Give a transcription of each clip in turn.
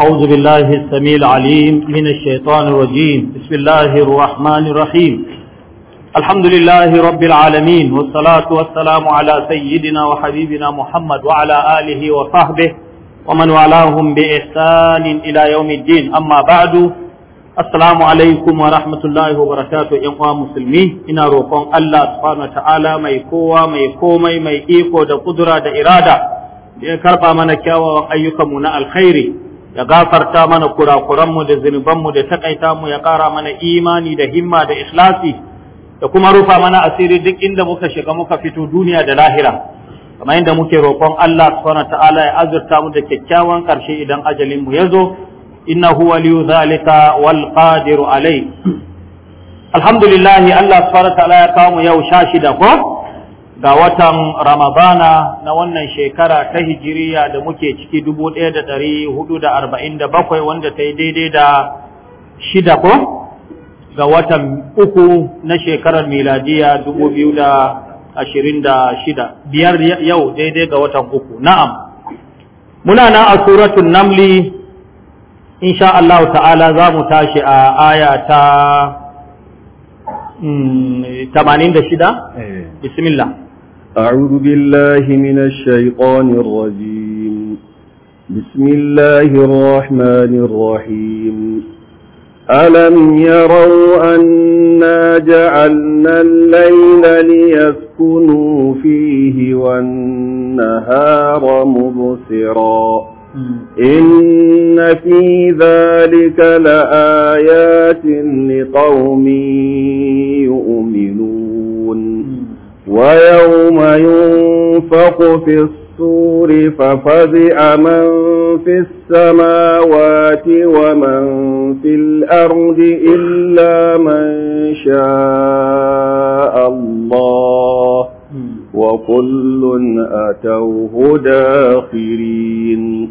أعوذ بالله السميع العليم من الشيطان الرجيم بسم الله الرحمن الرحيم الحمد لله رب العالمين والصلاة والسلام على سيدنا وحبيبنا محمد وعلى آله وصحبه ومن والاهم بإحسان إلى يوم الدين أما بعد السلام عليكم ورحمة الله وبركاته يا مسلمين إن روحكم الله سبحانه وتعالى ما يكوى ما يكومي ما يكيكو قدرة إرادة يكرب من كاوى وأيكم من الخير ya gafarta mana kurakuranmu da zunubanmu da takaita mu ya kara mana imani da himma da ikhlasi da kuma rufa mana asiri duk inda muka shiga muka fito duniya da lahira kamar inda muke roƙon Allah subhanahu ta'ala ya azurta mu da kyakkyawan karshe idan ajalin mu yazo innahu waliyu zalika wal qadiru alai alhamdulillah Allah subhanahu ta'ala ya kawo mu yau sha shida ko ga watan Ramadana na wannan shekara ta hijiriya da muke ciki 1447 wanda ta yi daidai da shida ko ga watan uku na shekarar miladiya 2026 biyar yau daidai ga watan uku na'am muna na a suratun namli insha Allah ta'ala za mu tashi a aya ta 86 mm, eh. bismillah أعوذ بالله من الشيطان الرجيم بسم الله الرحمن الرحيم ألم يروا أنا جعلنا الليل ليسكنوا فيه والنهار مبصرا إن في ذلك لآيات لقوم يؤمنون ويوم ينفق في الصور ففزع من في السماوات ومن في الأرض إلا من شاء الله وكل أتوه داخرين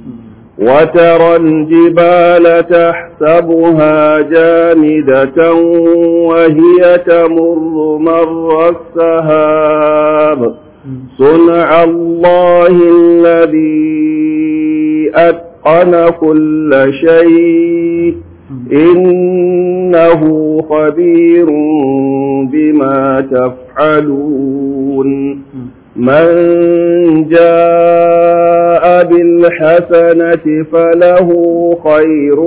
وترى الجبال تحسبها جامدة وهي تمر مر السهاب صنع الله الذي أتقن كل شيء إنه خبير بما تفعلون من جاء بالحسنة فله خير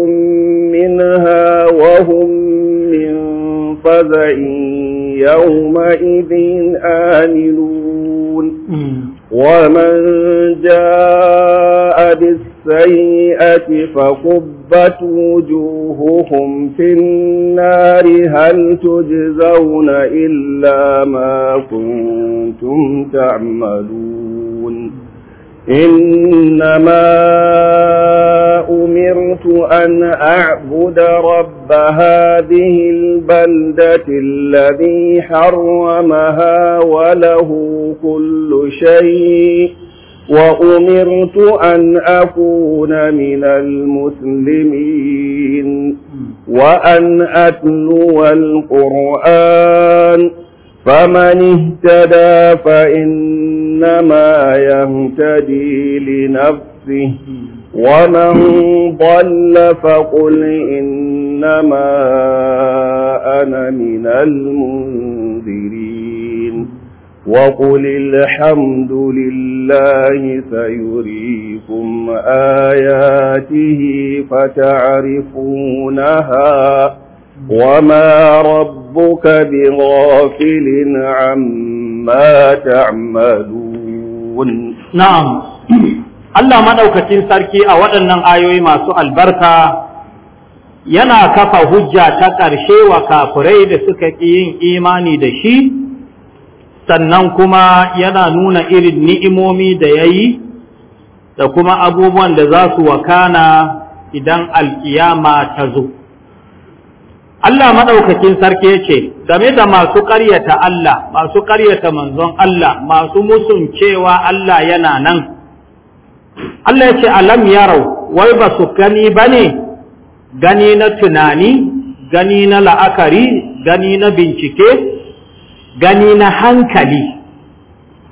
منها وهم من فزع يومئذ آمنون ومن جاء بالسنة السيئة فقبت وجوههم في النار هل تجزون إلا ما كنتم تعملون إنما أمرت أن أعبد رب هذه البلدة الذي حرمها وله كل شيء وأمرت أن أكون من المسلمين وأن أتلو القرآن فمن اهتدى فإنما يهتدي لنفسه ومن ضل فقل إنما أنا من المنذرين وقل الحمد لله سيريكم آياته فتعرفونها وما ربك بغافل عما تعملون نعم الله ما دوكتين سركي أولا آيوي ما سؤال بركة yana kafa hujja ta ƙarshe wa kafirai da suka ƙi imani da shi sannan kuma yana nuna irin ni'imomi da ya yi da kuma abubuwan da za su wakana idan alkiyama ta zo. Allah maɗaukakin sarki ce, game da masu ƙaryata Allah, masu ƙaryata manzon Allah, masu musun cewa Allah yana nan. Allah ya ce, Alam rau, wai ba su gani ba ne, gani na tunani, gani na la'akari, gani na bincike, gani na hankali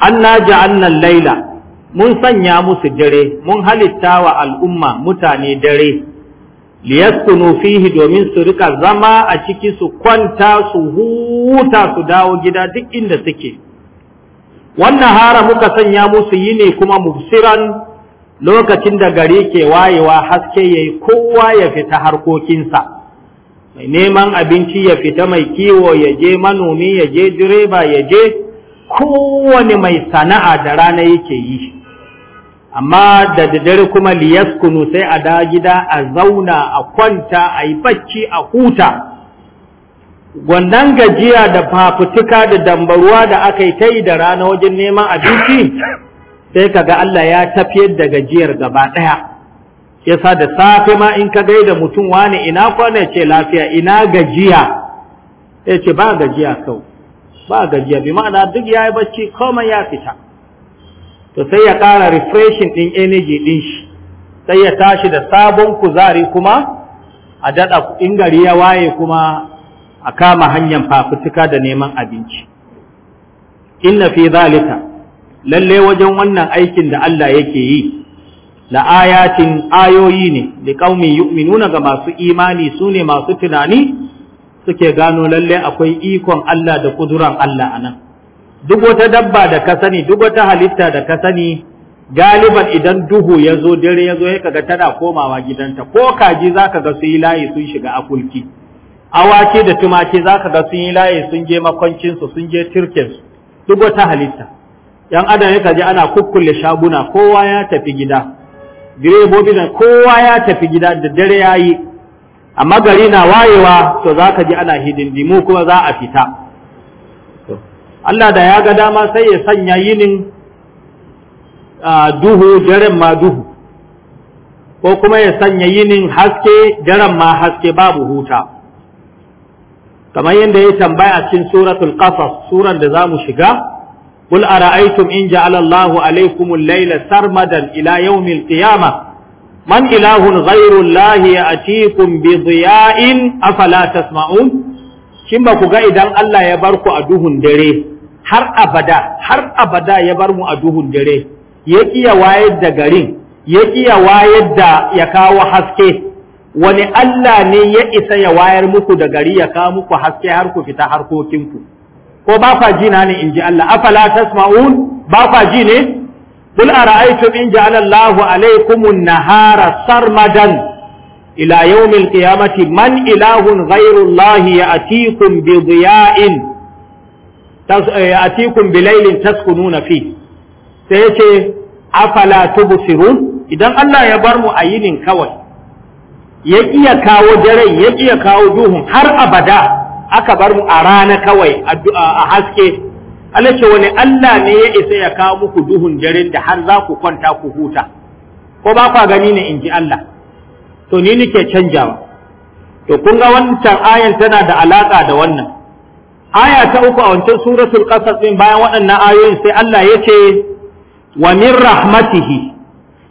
an na laila mun sanya musu dare mun halitta wa al'umma mutane dare liyaskunu fihi domin su rika zama a ciki su kwanta su huta su dawo gida duk inda suke wannan hara muka sanya musu yi ne kuma mubsiran lokacin da gari ke wayewa haske yayi kowa ya fita harkokinsa mai neman abinci ya fita mai kiwo ya je manomi ya je direba ya je kowane mai sana'a da rana yake yi amma da daddare kuma liyaskunu sai a da gida a zauna a kwanta a yi bacci a huta wannan gajiya da fafutuka da dambaruwa da aka yi ta yi da rana wajen neman abinci sai kaga Allah ya tafiyar da gajiyar gaba ɗaya yasa da safe ma in ka gaida mutum wani ina kwana ce lafiya ina gajiya ya ce ba gajiya kau ba gajiya bi ma'ana duk ya yi bacci komai ya fita to sai ya ƙara refreshing ɗin energy ɗin shi sai ya tashi da sabon kuzari kuma a daɗa in gari ya waye kuma a kama hanyar fafutuka da neman abinci inna fi zalika lalle wajen wannan aikin da Allah yake yi la ayatin ayoyi ne da qaumi yu'minuna ga masu imani su ne masu tunani suke gano lalle akwai ikon Allah da kuduran Allah anan duk wata dabba da ka sani duk wata halitta da ka sani galiban idan duhu ya zo dare ya zo ya kaga tana komawa gidanta ko kaji za ka ga sun yi layi sun shiga akulki awaki da tumaki za ka ga sun yi layi sun je makwancinsu sun je turkensu duk wata halitta yan adam ya kaji ana kukkulle shaguna kowa ya tafi gida direbobi da kowa ya tafi gida da dare ya yi amma gari na wayewa to za ka ji ana hidindimu kuma za a fita Allah da ya ga dama sai ya sanya yinin duhu daren ma duhu ko kuma ya sanya yinin haske daren ma haske babu huta kamar yadda ya tambaya a cikin suratul qasas suran da za mu shiga قل أرأيتم إن جعل الله عليكم الليل سرمدا إلى يوم القيامة من إله غير الله يأتيكم بضياء shin ba ku ga idan Allah ya bar ku a duhun dare har abada abada ya bar mu a duhun dare ya iya wayar da garin ya iya wayar da ya kawo haske wani Allah ne ya isa ya wayar muku da gari ya kawo muku haske har ku fita harkokinku ko ba kwa ji na ne in ji Allah afala tasma'un ba kwa ji ne qul ara'aytum in ja'ala Allahu alaykum an-nahara sarmadan ila yawm al-qiyamati man ilahun ghayru Allah ya'tikum bi dhiya'in eh, ya'tikum bi laylin taskununa fi sai yace afala tubsirun idan Allah ya bar mu a kawai ya iya kawo dare ya iya kawo duhun har abada aka bar mu a rana kawai a haske Allah ce wani Allah ne ya isa ya kawo muku duhun daren da har za ku kwanta ku huta ko ba kwa gani ne in ji Allah to ni nake canjawa to kun ga wancan ayan tana da alaka da wannan aya ta uku a wancan suratul qasas din bayan waɗannan ayoyin sai Allah ya ce wa min rahmatihi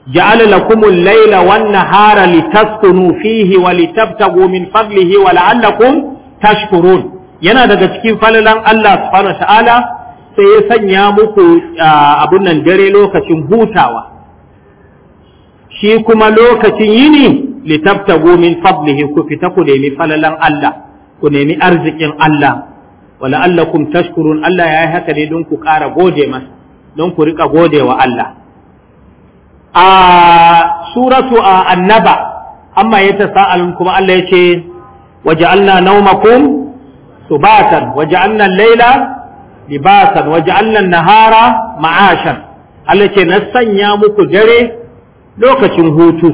جعل لكم الليل والنهار لتسكنوا فيه ولتبتغوا من wa ولعلكم tashkurun yana daga cikin falalan Allah subhanahu ta'ala sai ya sanya muku abun nan dare lokacin hutawa shi kuma lokacin yini litabtagu min fadlihi ku fita ku nemi falalan Allah ku nemi arzikin Allah wala allakum tashkurun Allah ya yi haka ne don ku ƙara gode masa don ku riƙa gode wa Allah a suratu a annaba amma ya ta sa'alun kuma Allah ya ce وجعلنا نومكم سباتا وجعلنا الليل لباسا وجعلنا النهار معاشا التي نسنيا muku dare lokacin hutu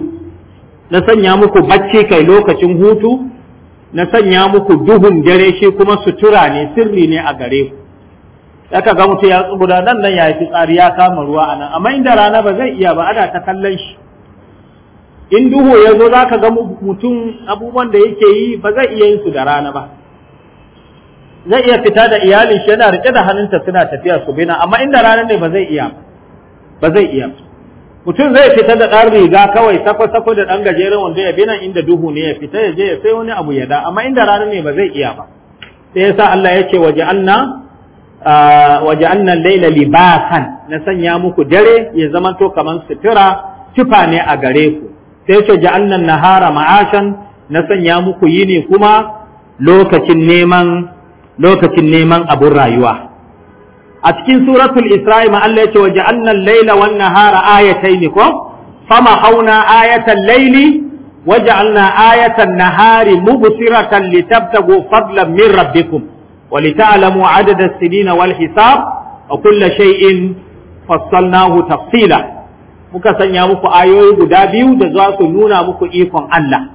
na sanya muku bacci kai lokacin hutu na sanya muku duhun dare shi kuma sutura ne sirri ne a gare ku Yaka ga mutu yatsu guda nan nan ya yi ya kama ruwa a nan amma inda rana ba zai iya ba ada ta kallon shi in duhu ya zo za ka ga mutum abubuwan da yake yi ba zai iya yin su da rana ba zai iya fita da iyalin shi yana rike da hannunta suna tafiya su bina amma inda rana ne ba zai iya ba zai iya mutum zai fita da ɗan riga kawai sako sako da ɗan gajeren wanda ya bina inda duhu ne ya fita ya je ya sai wani abu ya da amma inda rana ne ba zai iya ba sai yasa Allah ya ce waje anna waje annan laila libasan na sanya muku dare ya zamanto kamar sutura tufa ne a gare ku sai ce ja'alna nahara ma'ashan na sanya muku yi ne kuma lokacin neman lokacin neman abun rayuwa a cikin suratul isra'i ma Allah ya ce wa ja'annan laila wan nahara ko fama hauna ayatan laili wa ja'alna ayatan nahari mubsiratan litabtagu fadlan min rabbikum wa lita'lamu adada as-sinina wal hisab wa kulla shay'in fassalnahu tafsila muka sanya muku ayoyi guda biyu da za su nuna muku ikon Allah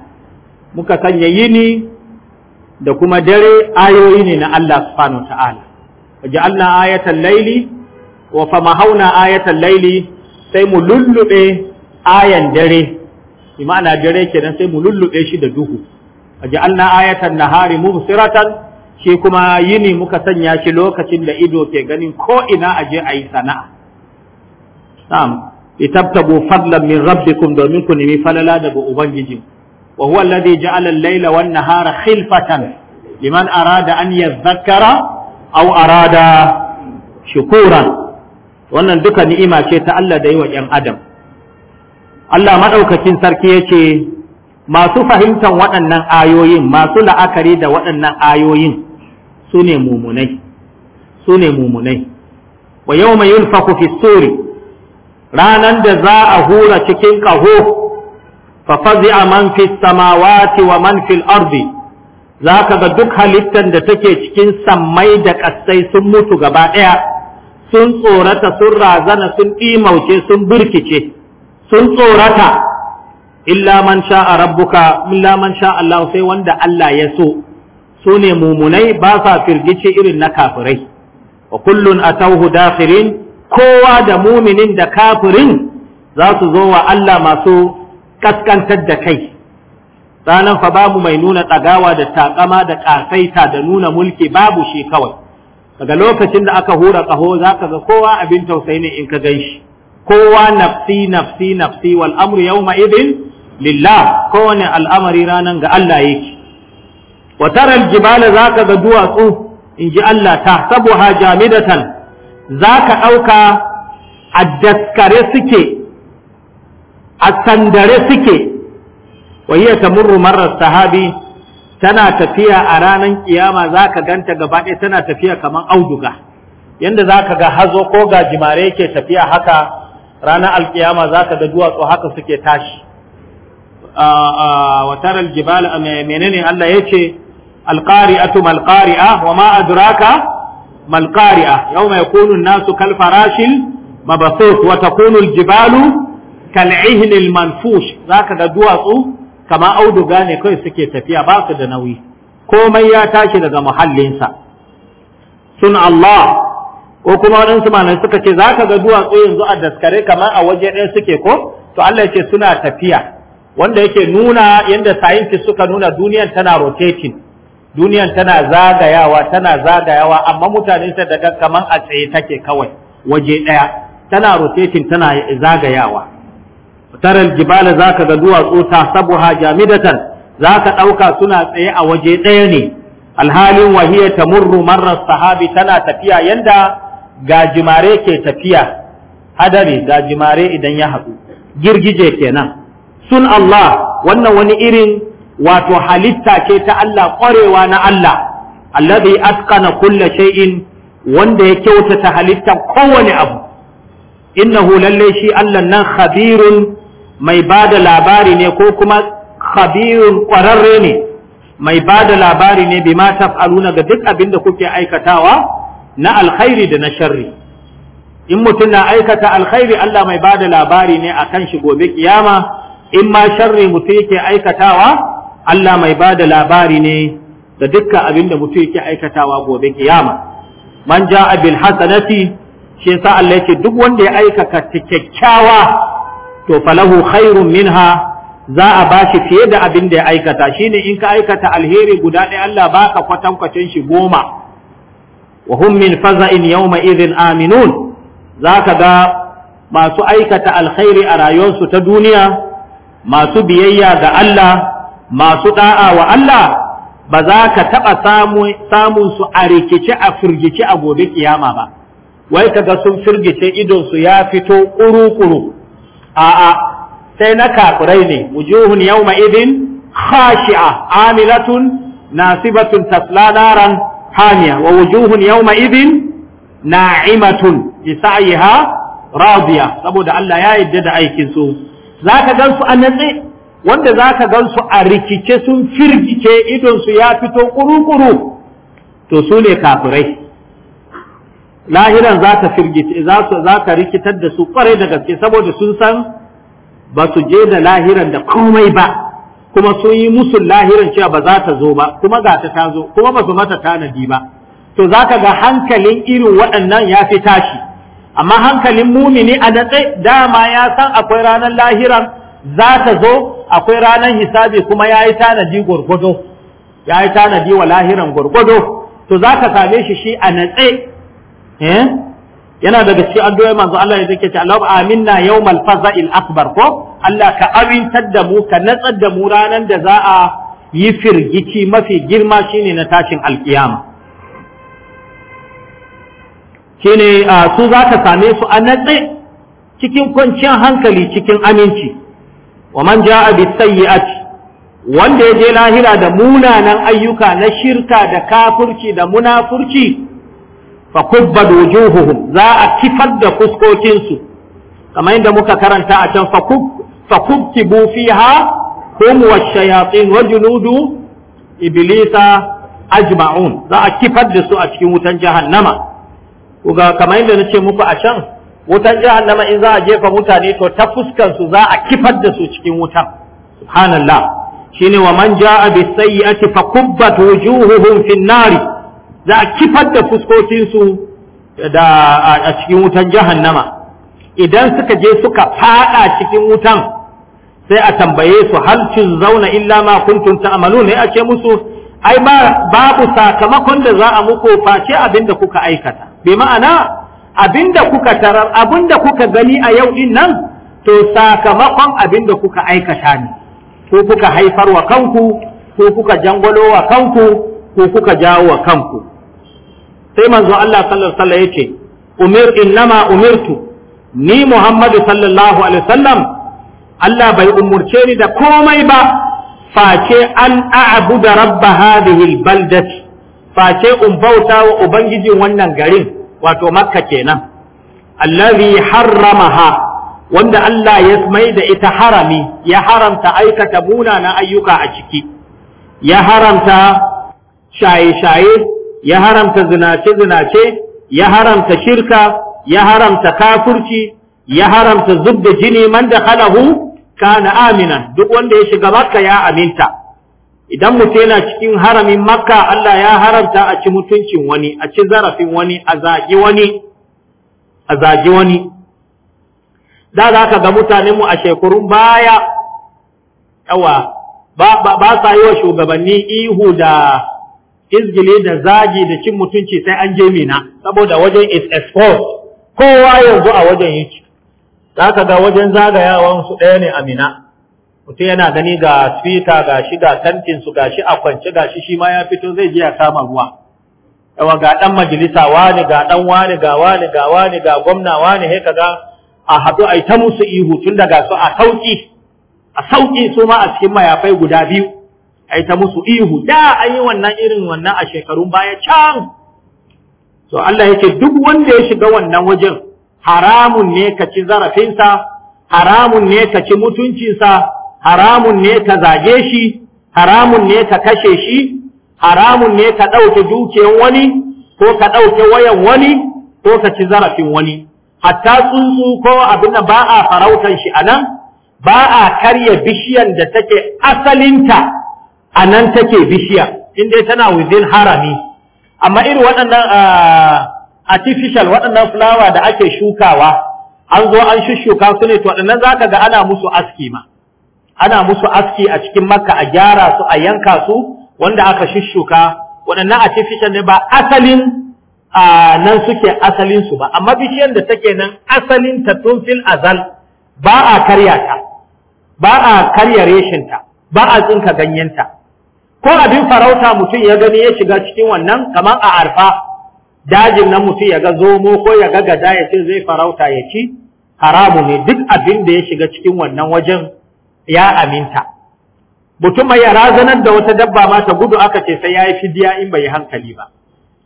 muka sanya yini da kuma dare ayoyi ne na Allah subhanahu wa ta'ala Allah ayatan laili wa famahauna ayatan laili sai mu lullube ayan dare imana dare kenan sai mu lullube shi da duhu Waje allah ayatan nahari mubsiratan shi kuma yini muka sanya shi lokacin da ido ke ganin ko ina aje ayi sana'a litabtagu fadlan min rabbikum domin ku nemi falala daga ubangiji wa huwa alladhi ja'ala al-layla wan nahara khilfatan liman arada anyar zakara au arada shukuran wannan duka ni'ima ce ta Allah da yi wa ‘yan adam Allah maɗaukakin sarki yace masu fahimtar waɗannan ayoyin masu la'akari da waɗannan ayoyin su ne mumunai su ne wa yau mai yulfaku fi suri ranan da za a hura cikin ƙaho fafazi'a man fi samawati wa man fil ardi za ka ga duk halittar da take cikin sammai da ƙasai sun mutu gaba ɗaya sun tsorata sun razana sun ɗimauce sun birkice sun tsorata illa man sha'a rabbuka illa man sha'a Allah sai wanda Allah ya so su ne mumunai ba sa firgici irin na kafirai wa kullun atawhu dakhirin kowa da muminin da kafirin za su zo wa Allah masu kaskantar da kai ranar fa babu mai nuna tsagawa da takama da ƙasaita da nuna mulki babu shi kawai daga lokacin da aka hura ƙaho za ka ga kowa abin tausayi ne in ka gan shi kowa nafsi nafsi nafsi wal amru yawma idin lillah kowane al'amari ranan ga Allah yake wa tara aljibala za ka ga duwatsu in ji Allah ta sabuha jamidatan za ka ɗauka a daskare suke a sandare suke wayya ta murru marar sahabi tana tafiya a ranar kiyama za ka ganta gaba ɗaya tana tafiya kamar auduga yadda za ka ga hazo ko ga gajimare ke tafiya haka ranar alkiyama za ka ga duwatsu haka suke tashi watar taral jibal menene Allah ya ce yace alqari'atu a wa ma adraka malqari'a yawma yakunu an-nasu kal farashil mabthut wa takunu al-jibalu kal ihni al-manfush zaka ga duwatsu kama auduga ne kai suke tafiya ba su da nauyi komai ya tashi daga muhallinsa sun Allah ko kuma waɗansu malamai suka ce za ka ga duwatsu yanzu a daskare kamar a waje ɗaya suke ko to Allah ce suna tafiya wanda yake nuna yadda scientists suka nuna duniyar tana rotating duniyan tana zagayawa tana zagayawa amma mutane ta daga kaman a tsaye take kawai waje daya tana rotating tana zagayawa taral jibala zaka ga duwatsu ta sabuha jamidatan zaka dauka suna tsaye a waje ɗaya ne alhalin wahiya tamurru marra sahabi tana tafiya yanda gajimare ke tafiya hadari gajimare idan ya haɗu girgije kenan sun Allah wannan wani irin wato halitta ce ta Allah ƙwarewa na Allah allazi na kulla shay'in wanda ya kyautata halittar kowane abu innahu lalle shi Allah nan khabirun mai bada labari ne ko kuma khabirun ƙwararre ne mai bada labari ne bima taf'aluna ga duk abin da kuke aikatawa na alkhairi da na sharri in mutum na aikata alkhairi Allah mai bada labari ne akan shi gobe kiyama in ma sharri mutum yake aikatawa Allah mai ba da labari ne da dukkan abin da mutum yake aikatawa gobe kiyama man ja'a bil hasanati shi yasa Allah yake duk wanda ya aikata kyakkyawa to falahu khairun minha za a bashi fiye da abin da ya aikata shine in ka aikata alheri guda ɗaya Allah baka kwatankwacin shi goma wa hum min faza'in yawma idhin aminun zaka ga masu aikata alkhairi a rayuwarsu ta duniya masu biyayya ga Allah masu da'a wa Allah ba za ka taɓa samun su a rikice a firgice a gobe kiyama ba wai kaga sun firgice idonsu ya fito kuru-kuru a'a sai na kafirai ne wujuhun yawma idin khashi'a amilatun nasibatun tasla naran hamiya wa wujuhun yawma idin na'imatun isa'iha radiya saboda Allah ya yadda da aikin su zaka gansu su a natsi wanda za ka gan su a rikice sun firgice idonsu ya fito kuru-kuru to su ne kafirai lahiran za ta firgice za ka rikitar da su kwarai da gaske saboda sun san ba su je da lahiran da komai ba kuma sun yi musu lahiran cewa ba za ta zo ba kuma ga ta ta zo kuma ba su mata tanadi ba to za ka ga hankalin irin waɗannan ya fi tashi amma hankalin mumini a natse dama ya san akwai ranar lahiran za ta zo akwai ranar hisabi kuma ya yi tanadi gwargwado ya yi tanadi wa lahiran gwargwado to za ka same shi shi a natse eh? yana daga cikin addu'o'i manzo Allah ya zake ce Allahumma aminna yawmal faza'il akbar ko Allah ka amintar da mu ka natsar da mu ranar da za a yi firgici mafi girma shine na tashin alkiyama shine ah, su za ka same su a natse cikin kwanciyar hankali cikin aminci wa man ja'a bisayyi'ati wanda ya je lahira da munanan ayyuka na shirka da kafurci da munafurci fa kubbad wujuhuhum za a kifar da fuskokin su kamar yadda muka karanta a can fa kubtibu fiha hum wa shayatin wa junudu iblisa ajma'un za a kifar da su a cikin wutan jahannama kuga kamar yadda nace muku a can wutan jahannama in za a jefa mutane to ta fuskan su za a kifar da su cikin wuta subhanallah shine wa man jaa bi sayyi'ati fa kubbat wujuhuhum fin nari za a kifar da fuskokin su da a cikin wutan jahannama idan suka je suka fada cikin wutan sai a tambaye su hal zauna illa ma kuntum ta'malun ne a ce musu ai babu sakamakon da za a muku face abin da kuka aikata bi ma'ana abinda kuka tarar abinda kuka gani a yau din nan to sakamakon abinda kuka aikata ne ko kuka haifar wa kanku ko kuka jangwalo wa kanku ko kuka jawo wa kanku sai manzo Allah sallallahu alaihi wasallam yake umir innama umirtu ni Muhammadu sallallahu alaihi wasallam Allah bai umurce ni da komai ba face an a'budu rabb hadhihi albaldati face in bauta wa ubangijin wannan garin wato makka kenan allazi harramaha wanda Allah ya mai da ita harami ya haramta aikata na ayyuka a ciki ya haramta shaye-shaye ya haramta zinace-zinace ya haramta shirka ya haramta kafurci ya haramta zub da jini man da kana aminan duk wanda ya shiga makka ya aminta idan mutum yana cikin haramin makka Allah ya haramta a ci mutuncin wani a ci zarafin wani a zagi wani a zagi wani da za ka ga mutanenmu a shekarun baya yawa ba sa yi wa shugabanni ihu da izgile da zagi da cin mutunci sai an je mina saboda wajen is export kowa yanzu a wajen yake za ka ga wajen zagayawan su ɗaya ne a mina mutum yana gani ga twitter ga shi ga su ga shi a kwance ga shi shi ma ya fito zai je ya kama ruwa yawa ga ɗan majalisa wani ga ɗan wani ga wani ga wani ga gwamna wani he kaga a haɗu a ta musu ihu tun daga su a sauƙi a sauƙi su ma a cikin mayafai guda biyu a ta musu ihu da an yi wannan irin wannan a shekarun baya can to Allah yake duk wanda ya shiga wannan wajen haramun ne ka ci zarafinsa haramun ne ka ci mutuncinsa haramun ne ka zage shi haramun ne ka kashe shi haramun ne ka ɗauke dukiyar wani ko ka ɗauke wayan wani ko ka ci zarafin wani hatta tsuntsu ko abin ba a farautan shi anan ba a karya bishiyan da take asalinta a nan take bishiya inda tana within harami amma irin waɗannan ah, artificial waɗannan fulawa da ake shukawa an zo an shushuka su ne to waɗannan zaka ga ana musu aski ma ana musu aski a cikin makka a gyara su a yanka su wanda aka shushuka waɗannan cikin ne ba asalin a nan suke asalin su ba amma bishiyar da take nan asalin ta tun fil azal ba a karya ta ba a karya reshinta ba a tsinka ta. ko abin farauta mutum ya gani ya shiga cikin wannan kamar a arfa dajin nan mutum ya ga zomo ko ya ga gada ya ce zai farauta ya ci haramu ne duk abin da ya shiga cikin wannan wajen ya aminta mutum mai razanar da wata dabba ma ta gudu aka ce sai ya yi fidiya in bai hankali ba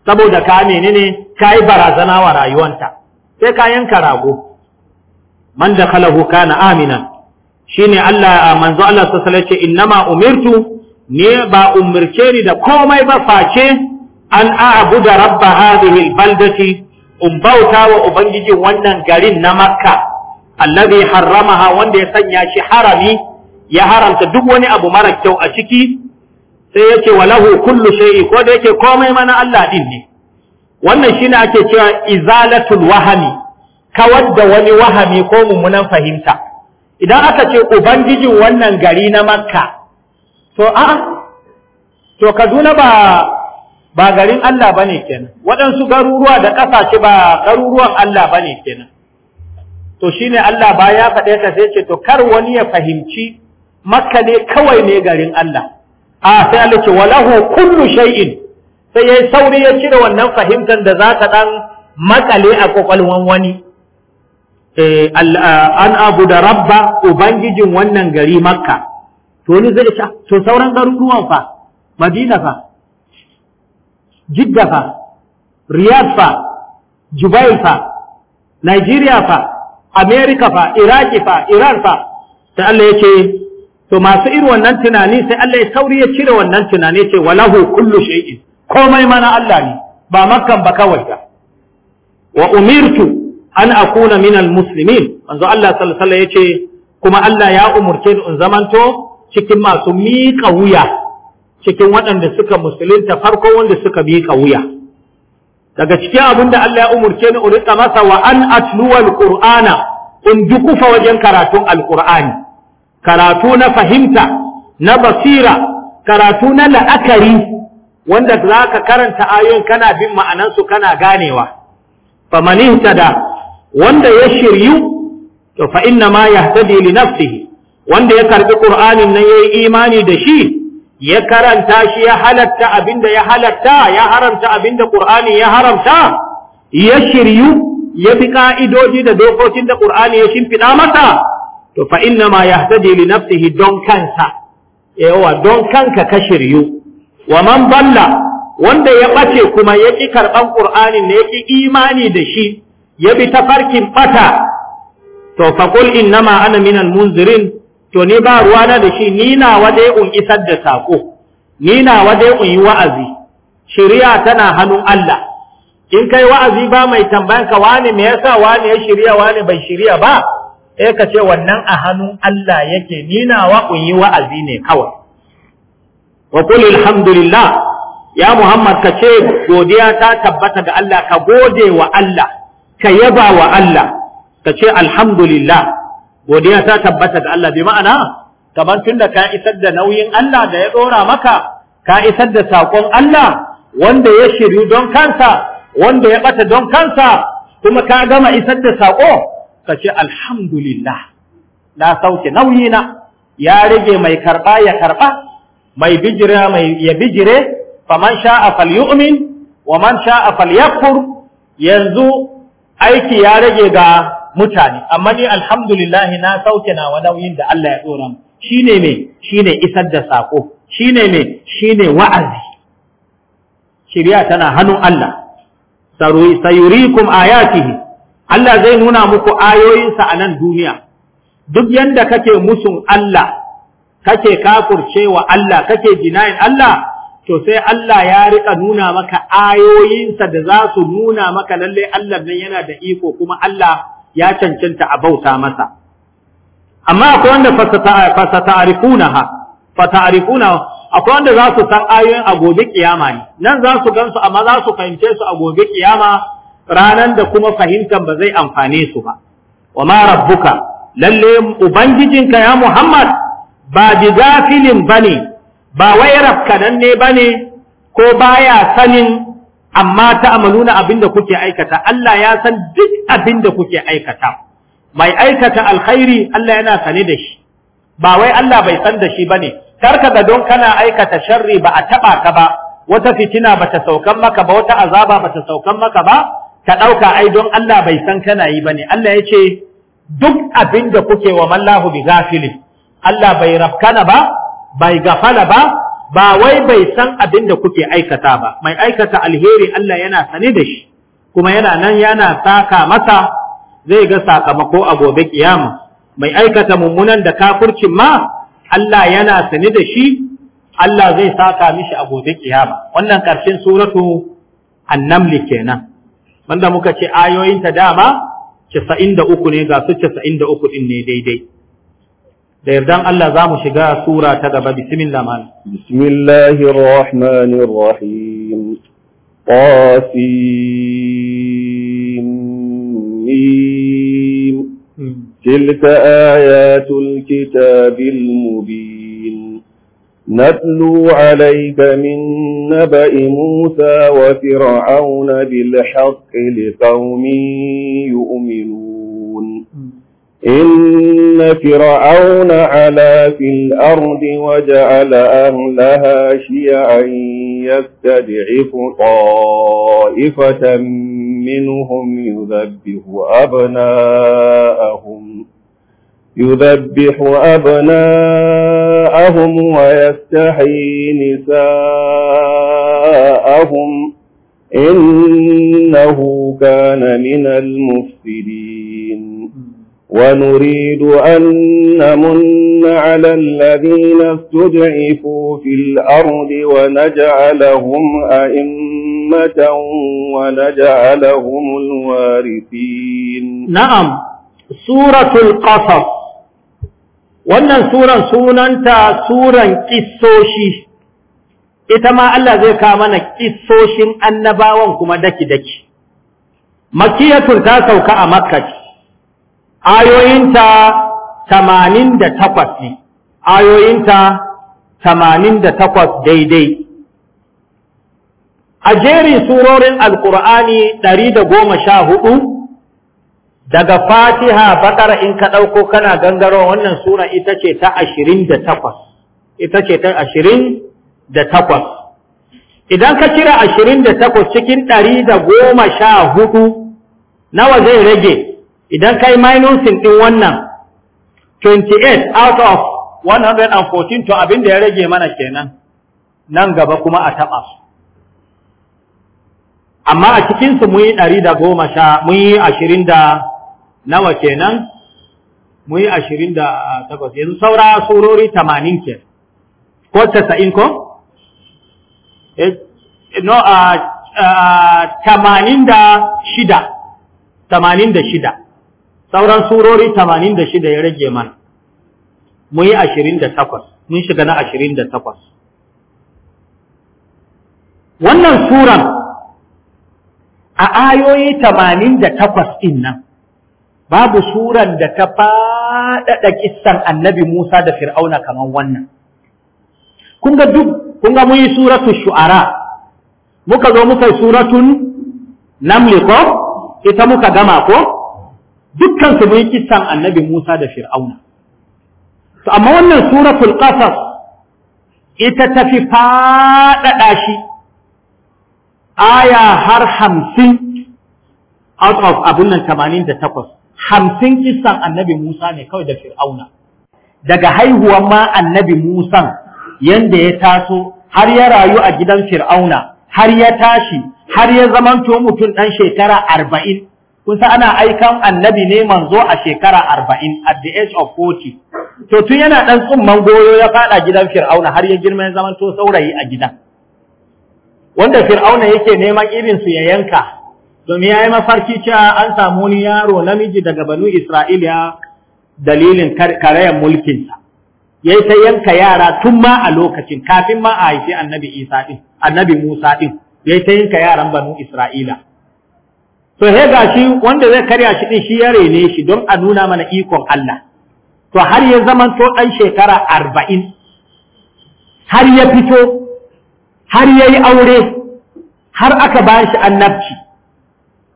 saboda ka menene ka barazana wa rayuwanta sai ka yanka rago man da khalahu kana aminan shine Allah manzo Allah sallallahu alaihi wasallam innama umirtu ne ba umirce ni da komai ba face an a'budu rabba hadhihi albaldati in bauta wa ubangijin wannan garin na makka allazi harramaha wanda ya sanya shi harami ya haramta duk wani abu mara kyau a ciki sai yake walahu kullu shay'i ko da yake komai mana Allah din ne wannan shine ake cewa izalatul wahami kawar da wani wahami ko mummunan fahimta idan aka ce ubangijin wannan gari na makka to a'a to kaduna ba ba garin Allah bane kenan waɗansu garuruwa da ƙasashe ba garuruwan Allah bane kenan to shine Allah ba ya faɗe ka sai ce to kar wani ya fahimci makka ne kawai ne garin Allah a sai Allah ce walahu kullu shay'in sai yayi sauri ya cire wannan fahimtar da zaka dan makale a kokalwan wani Eh an abu da rabba ubangijin wannan gari makka to ni zai ta to sauran garuruwan fa madina fa jidda fa riyad fa jubail fa nigeria fa america fa iraki fa iran fa sai Allah ya ce to masu irin wannan tunani sai Allah ya sauri ya cire wannan tunani ce walahu kullu shay'in komai mana Allah ne ba makan ba kawai ta. wa umirtu an akuna minal muslimin manzo Allah sallallahu alaihi yace kuma Allah ya umurce ni in zamanto cikin masu miƙa wuya cikin waɗanda suka musulunta farko wanda suka miƙa wuya daga cikin abin da Allah ya umurce ni in rika masa wa an atluwa Kur'ana, in dukufa wajen karatun alqur'ani karatu na fahimta na basira karatu na la'akari wanda za ka karanta ayoyin kana bin ma'anansu kana ganewa faman da wanda ya shiryu to fa inna ma yahtadi li nafsihi wanda ya karbi ƙur'anin nan yayi imani da shi ya karanta shi ya halatta abinda ya halatta ya haramta abinda ƙur'ani ya haramta ya shiryu ya bi ka'idodi da dokokin da ƙur'ani ya shimfiɗa masa to fa inna ma yahtadi li nafsihi don kansa yawa don kanka ka shiryu wa man balla wanda ya bace kuma ya ki karban qur'anin ne ki imani da shi ya bi tafarkin bata to fa qul inna ma ana al munzirin to ni ba ruwana da shi ni na waje un isar da sako ni na waje un yi wa'azi shari'a tana hannun Allah in kai wa'azi ba mai tambayanka wani me yasa wani ya shirya wani bai shirya ba eh ka ce wannan a hannun Allah yake ni in yi wa'azi ne kawai wa qul alhamdulillah ya muhammad ka ce godiya ta tabbata ga Allah ka gode wa Allah ka yaba wa Allah ka ce alhamdulillah godiya ta tabbata ga Allah bi ma'ana kamar da ka isar da nauyin Allah da ya ɗora maka ka isar da sakon Allah wanda ya shiryu don kansa wanda ya ɓata don kansa kuma ka gama isar da sako ka ce alhamdulillah na sauke nauyi na ya rage mai karba ya karba mai bijira mai ya bijire faman sha'a falyu'min wa man sha'a falyakfur yanzu aiki ya rage ga mutane amma ni alhamdulillah na sauke na wa nauyin da Allah ya dora mu shine me shine isar da sako shine me shine wa'azi shiriya tana hannun Allah sayurikum ayatihi Allah zai nuna muku ayoyinsa a nan duniya, duk yadda kake musun Allah, kake wa Allah, kake jinayin Allah, to sai Allah ya riƙa nuna maka ayoyinsa da za su nuna maka lalle Allah nan yana da iko kuma Allah ya cancanta a bauta masa. Amma akwai wanda fasata'arifunaha, fasata'arifunaha, akwai wanda za su san ayoyin a gobe kiyama ne, nan za su gansu amma za su fahimce su a gobe kiyama ranan da kuma fahimtar ba zai amfane su ba wa ma rabbuka lalle ubangijinka ya Muhammad ba bi gafilin bane ba wai rafkananne bane ko baya sanin amma ta abin abinda kuke aikata Allah ya san duk abin da kuke aikata mai aikata alkhairi Allah yana sane da shi ba wai Allah bai san da shi bane karka da don kana aikata sharri ba a taɓa ka ba wata fitina ba ta saukan maka ba wata azaba ba ta saukan maka ba ka ɗauka ai don Allah bai san kana yi ba ne Allah ya ce duk abin da kuke wa mallahu bi gafilin Allah bai rafkana ba bai gafala ba ba wai bai san abin da kuke aikata ba mai aikata alheri Allah yana sane da shi kuma yana nan yana saka masa zai ga sakamako a gobe kiyama mai aikata mummunan da kafircin ma Allah yana sane da shi Allah zai saka mishi a gobe kiyama wannan ƙarshen suratu annamli kenan wanda muka ce ayoyin ta dama 93 ne ga su 93 din ne daidai da yardan Allah zamu shiga sura ta gaba bismillah mal bismillahir rahmanir rahim qasim tilka ayatul kitabil mubin نتلو عليك من نبأ موسى وفرعون بالحق لقوم يؤمنون إن فرعون علا في الأرض وجعل أهلها شيعا يستدعف طائفة منهم يذبه أبناءهم يذبح أبناءهم ويستحيي نساءهم إنه كان من المفسدين ونريد أن نمن على الذين استضعفوا في الأرض ونجعلهم أئمة ونجعلهم الوارثين نعم سورة القصص wannan suran sunanta suran kissoshi ita ma Allah zai kawo mana kissoshin annabawan kuma daki-daki makiyatun ta sauka a makka ayoyinta 88 ayoyinta tamanin daidai a jerin surorin alkur'ani ɗari da goma sha hudu daga fatiha bakara in ka ɗauko kana gangaro wannan sura ita ce ta ashirin da takwas ita ce ta ashirin da takwas idan ka cire ashirin da takwas cikin ɗari da goma sha hudu nawa zai rage idan ka yi minusin ɗin wannan 28 out of 114 to abin da ya rage mana kenan nan gaba kuma a taɓa su amma a cikinsu mun yi ɗari da goma sha mun yi ashirin da nawa kenan mu yi ashirin da takwas yanzu saura surori tamanin ke ko tasa'in ko? Eh, eh, no a tamanin da shida tamanin da shida sauran surori tamanin da shida ya rage mana mu yi ashirin da takwas mun shiga na ashirin da takwas wannan suran a ayoyi tamanin da takwas ɗin nan babu suran da ta faɗaɗa kissan annabi Musa da Fir'auna kamar wannan. Kun ga duk, kun ga mun yi suratun shu'ara, muka zo muka yi suratun namli ko, ita muka gama ko, dukkan su mun yi kissan annabi Musa da Fir'auna. To, amma wannan suratul ƙasas ita ta fi faɗaɗa shi, aya har hamsin out of abin nan tamanin da takwas. hamsin kisan annabi Musa ne kawai da Fir'auna. Daga haihuwan ma annabi Musan yanda ya taso har ya rayu a gidan Fir'auna, har ya tashi, har ya zamanto mutum ɗan shekara arba'in. Kun ana aikan annabi ne manzo a shekara arba'in at the age of forty. To tun yana ɗan tsumman goyo ya faɗa gidan Fir'auna har ya girma ya zamanto saurayi a gidan. Wanda Fir'auna yake neman irinsu ya yanka, domin ya yi mafarki cewa an samu wani yaro namiji daga banu Isra'ila dalilin karayan mulkinsa. Ya yi ta yanka yara tun ma a lokacin kafin ma a haifi annabi Isa ɗin, annabi Musa ɗin, ya ta yanka yaran banu Isra'ila. To, he ga shi wanda zai karya shi ɗin shi ya rene shi don a nuna mana ikon Allah. To, har ya to ɗan shekara arba'in, har ya fito, har ya yi aure, har aka ba shi annabci.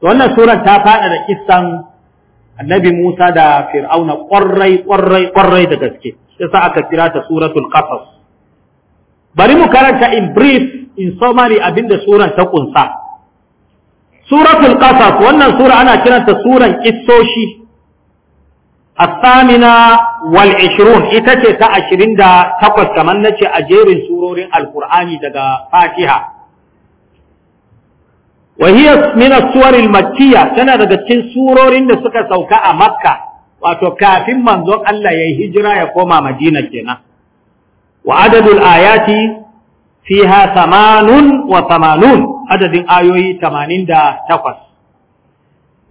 wannan suran ta faɗa da kisan annabi Musa da Fir'auna ƙwarai ƙwarai ƙwarai da gaske shi sa aka kira ta suratul qasas bari mu karanta in brief in summary abinda suran ta kunsa suratul qasas wannan sura ana kiranta suran kissoshi الثامنة والعشرون إتتي تأشرين دا تقوى كمان نتي أجير سورور القرآن دا فاتحة wa hiya min as-suwar al-makkiyya tana daga cikin surorin da suka sauka a makka wato kafin manzon Allah yi hijira ya koma madina kenan wa adadul ayati fiha 80 wa 80 adadin ayoyi 88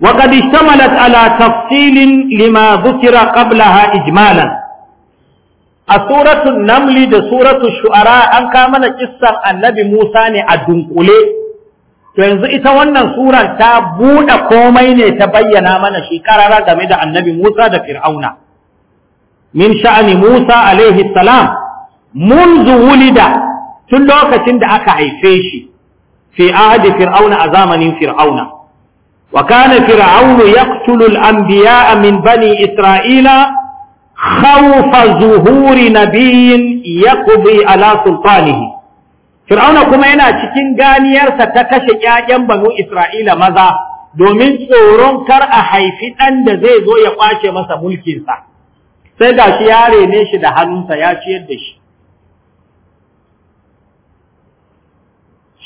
وقد اشتملت على تفصيل لما ذكر قبلها إجمالا السورة النمل ده سورة الشعراء أن كامل قصة النبي موسى أدنقلي yanzu ita wannan sura ta buɗe komai ne ta bayyana mana shi karara game da annabi Musa da Fir'auna min sha'ani Musa alaihi salam munzu wulida tun lokacin da aka haife shi fi ahadi fir'auna a zamanin fir'auna wa kana fir'aunu yaqtulu al-anbiya'a min bani isra'ila khawfa zuhuri nabiyyin yaqdi ala sultanihi Fir'auna kuma yana cikin ganiyarsa ta kashe ƴaƴan banu Isra'ila maza domin tsoron kar a haifi ɗan da zai zo ya ƙwace masa mulkinsa. Sai ga shi ya rene shi da hannunsa ya ciyar da shi.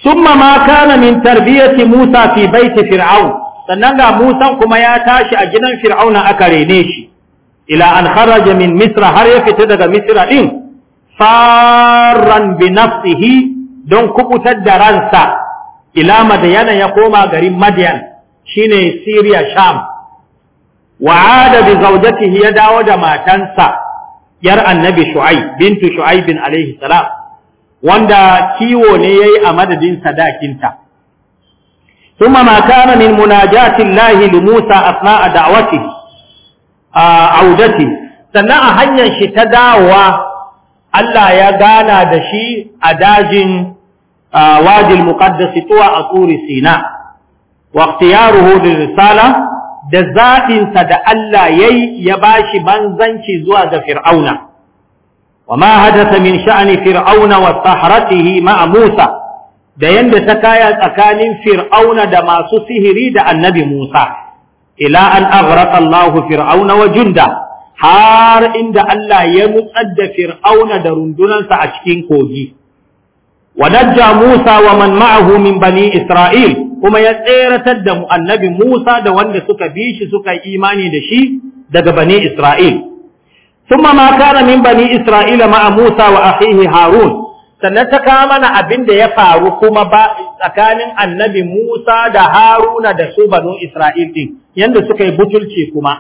Summa ma kana min tarbiyyati Musa fi baiti Fir'aun. Sannan ga Musa kuma ya tashi a gidan Fir'auna aka rene shi. Ila an kharaja min Misra har ya fita daga Misra din. faran bi nafsihi don kubutar da ransa ila madayana ya koma garin madiyan shine Syria Sham wa bi zawjatihi ya dawo da matansa yar annabi Shu'aib bintu Shu'aib bin alaihi salam wanda kiwo ne yayi a madadin sadakinta ثم ما كان من مناجاة الله لموسى أثناء دعوته sannan a hanyar shi ta dawowa Allah ya gana da shi a dajin wajil muqaddasi tuwa a turi sina wa ikhtiyaruhu risala da zaɓinsa da Allah yayi ya bashi banzanci zuwa ga fir'auna wa ma hadatha min sha'ani fir'auna wa sahratihi ma'a Musa da yanda ta kaya tsakanin fir'auna da masu sihiri da annabi Musa ila an aghraqa Allahu fir'auna wa junda har inda Allah ya nutsar da fir'auna da rundunansa a cikin kogi Wanajja Musa ومن معه من bani Isra'il, kuma ya tseratar da annabi Musa da wanda suka bi shi suka yi imani da shi daga bani Isra'il. Summa ma kana min bani Isra'ila ma'a Musa wa ahihi Harun, sannan ta kama mana abin da ya faru kuma ba tsakanin annabi Musa da Haruna da su banu Isra'il ɗin, yadda suka yi butulci kuma,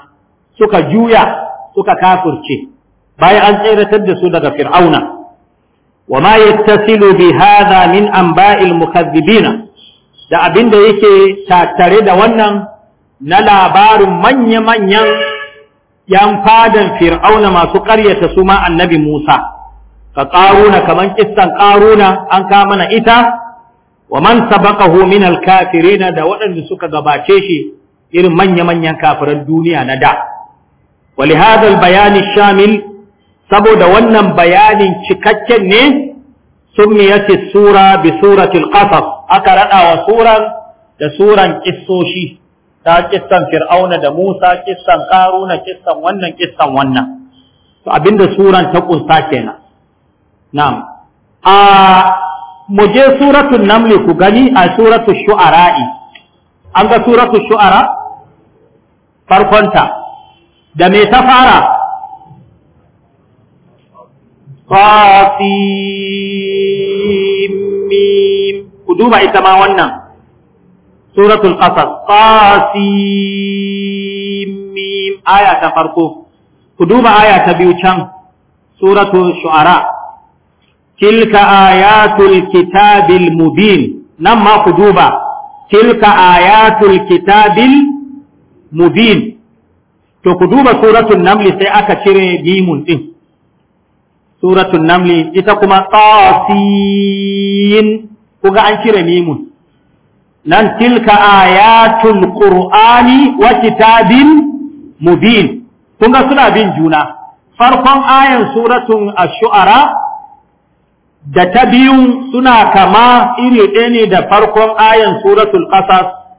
suka juya, suka kafurce, bayan an tseratar da su daga Fir'auna. وما يتصل بهذا من أنباء المكذبين da abin da yake tattare da wannan na labarin manya-manyan ‘yan fadan fir'auna masu ƙaryata su ma annabi Musa, ka ƙaruna kamar kistan ƙaruna an kamana ita, wa man sabaqahu min kafirina da waɗanda suka gabace shi irin manya-manyan kafiran duniya na da. Wa li hadha bayani shamil saboda wannan bayanin cikakken ne summiyati sura bi suratul qasas aka rada wa suran da suran kissoshi ta kissan fir'auna da Musa kissan Karuna kissan wannan kissan wannan to abinda suran ta kunsa kenan na'am a mu je suratul naml ku gani a suratul shu'ara an ga suratul shu'ara farkonta da me ta fara qasimim ku duba ita ma wannan suratul qasas qasimim aya ta farko ku duba aya ta biyu can suratul shu'ara tilka ayatul kitabil mubin nan ma ku duba tilka ayatul kitabil mubin to ku duba suratul namli sai aka cire bimun din suratul namli ita kuma tasin kuga an cire mimun nan tilka ayatul qur'ani wa kitabin mubin ga suna bin juna farkon ayan suratun ash-shu'ara da ta biyun suna kama iri ɗaya ne da farkon ayan suratul qasas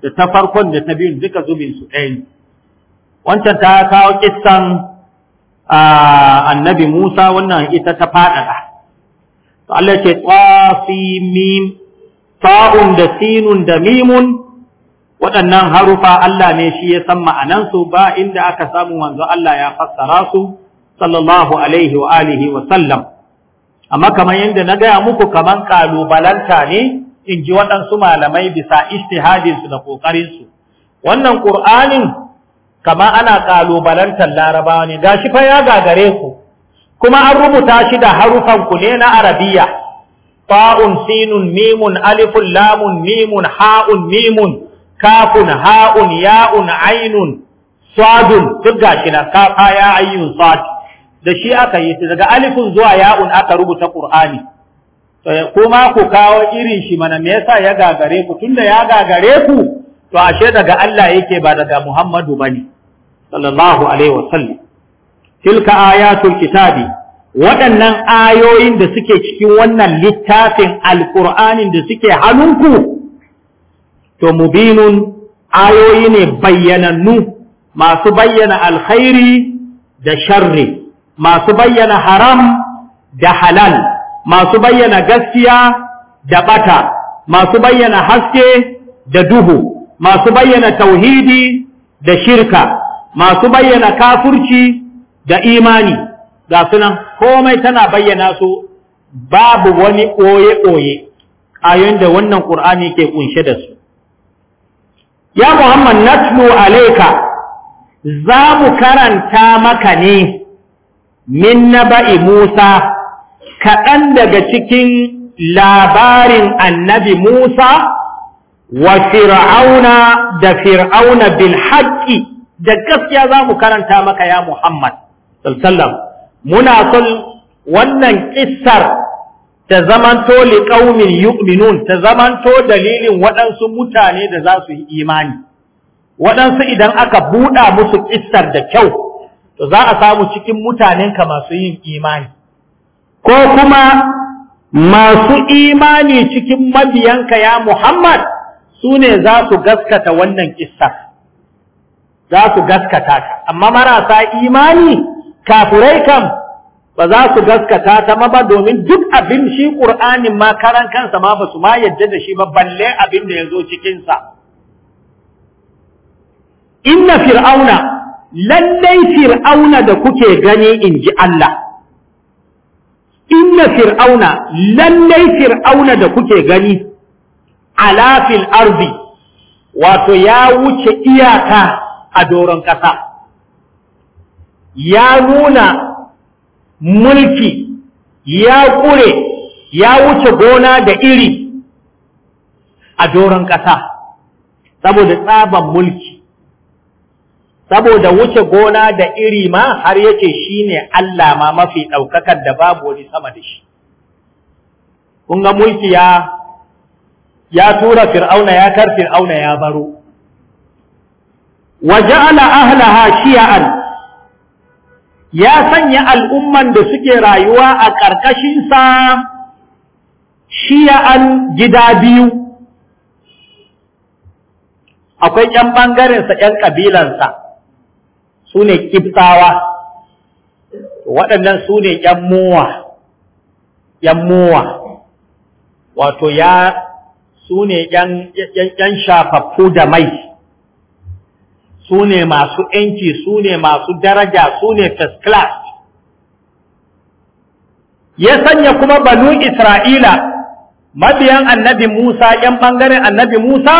da ta farkon da ta biyun duka zubin su ɗaya ne wancan ta kawo kissan annabi Musa wannan ita ta faɗaɗa. To Allah ce mim ta'un da sinun da mimun waɗannan harufa Allah ne shi ya san ma'anansu ba inda aka samu wanzu Allah ya fassara su sallallahu alaihi wa alihi wa sallam. Amma kamar yadda na gaya muku kamar kalubalanta ne in ji waɗansu malamai bisa ishtihadinsu da ƙoƙarinsu. Wannan Ƙur'anin kama ana kalubalantar larabawa ne gashi fa ya gagare ku kuma an rubuta shi da harufan ku ne na arabiya fa'un sinun mimun alifun lamun mimun ha'un mimun kafun ha'un ya'un ainun sadun duk gashi na kafa ya ayyun sad da shi aka yi daga alifun zuwa ya'un aka rubuta qur'ani kuma ku kawo irin shi mana me yasa ya gagare ku tunda ya gagare ku to ashe daga Allah yake ba daga Muhammadu bane sallallahu alaihi wasallam tilka ayatul kitabi waɗannan ayoyin da suke cikin wannan littafin alqur'anin da suke hannunku to mubinun ayoyi ne bayyanannu masu bayyana alkhairi da sharri masu bayyana haram da halal masu bayyana gaskiya da bata masu bayyana haske da duhu masu bayyana tauhidi da shirka masu bayyana kafurci da imani ga sunan komai tana bayyana su babu wani ɓoye-ɓoye a da wannan ƙur'ani ke kunshe da su ya muhammad natlu alaika za mu karanta maka ne min naba'i musa kaɗan daga cikin labarin annabi musa wa fir'auna da fir'auna bil haqqi da gaskiya za mu karanta maka ya Muhammad sallallahu muna son wannan kissar ta zamanto li qaumin yu'minun ta zamanto dalilin waɗansu mutane da za su yi imani waɗansu idan aka buɗa musu kissar da kyau to za a samu cikin mutanen ka masu yin imani ko kuma masu imani cikin mabiyanka ya Muhammad su ne za su gaskata wannan kissa za su gaskata ta amma marasa imani kafurai kam ba za su gaskata ta ma domin duk abin shi ƙur'anin ma karan kansa ma ba su ma yadda da shi ba balle abin da ya zo cikinsa inna fir'auna lallai fir'auna da kuke gani in ji Allah inna fir'auna lallai fir'auna da kuke gani alafil ardi wato ya wuce iyaka a doron ƙasa ya nuna mulki ya ƙure ya wuce gona da iri a doron ƙasa saboda tsaban mulki saboda wuce gona da iri ma har yake shi ne Allah ma mafi ɗaukakar da babu wani sama da shi. Kun ga mulki ya ya tura fir'auna ya kar fir'auna ya baro wa ja'ala ahlaha shi'an ya sanya al'umman da suke rayuwa a ƙarƙashin sa shi'an gida biyu akwai ƴan bangaren sa ƴan kabilan sa sune kibtawa waɗannan sune ƴan muwa ƴan muwa wato ya su ne ‘yan shafaffu da mai, su ne masu ‘yanci, su ne masu daraja, su ne first class. Ya sanya kuma banu Isra'ila, mabiyan annabi Musa, ‘yan ɓangaren annabi Musa,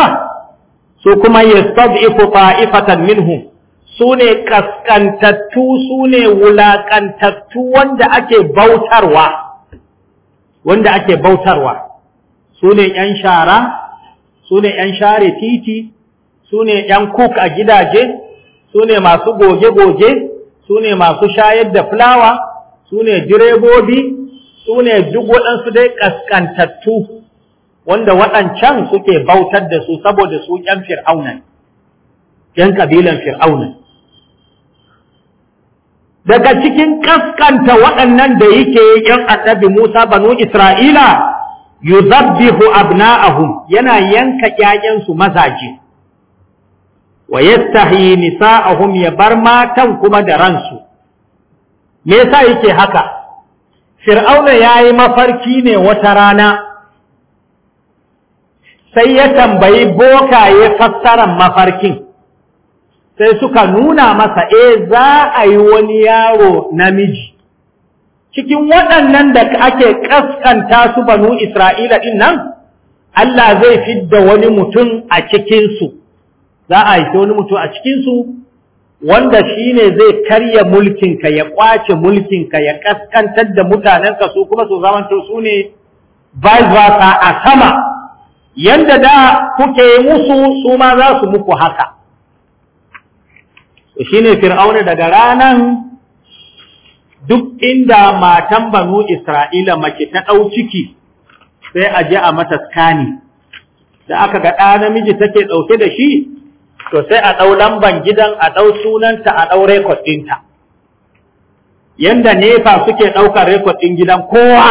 su kuma ya iku fa’ifatan minhu Su ne kaskantattu, su ne wulaƙantattu wanda ake bautarwa, wanda ake bautarwa. su ne ‘yan shara, su ne ‘yan share titi, su ne ‘yan cook a gidaje, su ne masu goge-goge, su masu shayar da fulawa, su direbobi, su duk waɗansu dai ƙasƙantattu wanda waɗancan suke bautar da su saboda su ‘yan fir'aunan, ‘yan ƙabilan fir'aunan. Daga cikin ƙasƙanta waɗannan da yake ‘yan annabi Musa banu Isra'ila, yuzabbihu abna'ahum yana yanka ƴaƴansu mazaje wa yastahi nisa'ahum ya bar matan kuma da ransu me yasa yake haka fir'auna yayi mafarki ne wata rana sai ya tambayi bokaye fassaran mafarkin sai suka nuna masa eh za a yi wani yaro namiji cikin waɗannan da ake ƙasƙanta su banu Isra'ila ɗin nan, Allah zai fidda wani mutum a cikinsu, za a haifi wani mutum a cikinsu, wanda shi ne zai karya mulkinka, ya ƙwace mulkinka, ya ƙasƙantar da mutanenka su kuma su zamanto su ne vice versa a sama, Yadda da kuke musu su ma za su muku haka. Shi ne Fir'auna daga ranan duk inda matan banu Isra'ila mace ta ɗau ciki sai a je a mata skani, da aka ga ɗa namiji take ɗauke da shi, to sai a ɗau lamban gidan a ɗau sunanta a ɗau rekod ɗinta. Yanda nefa suke ɗaukar rekod ɗin gidan kowa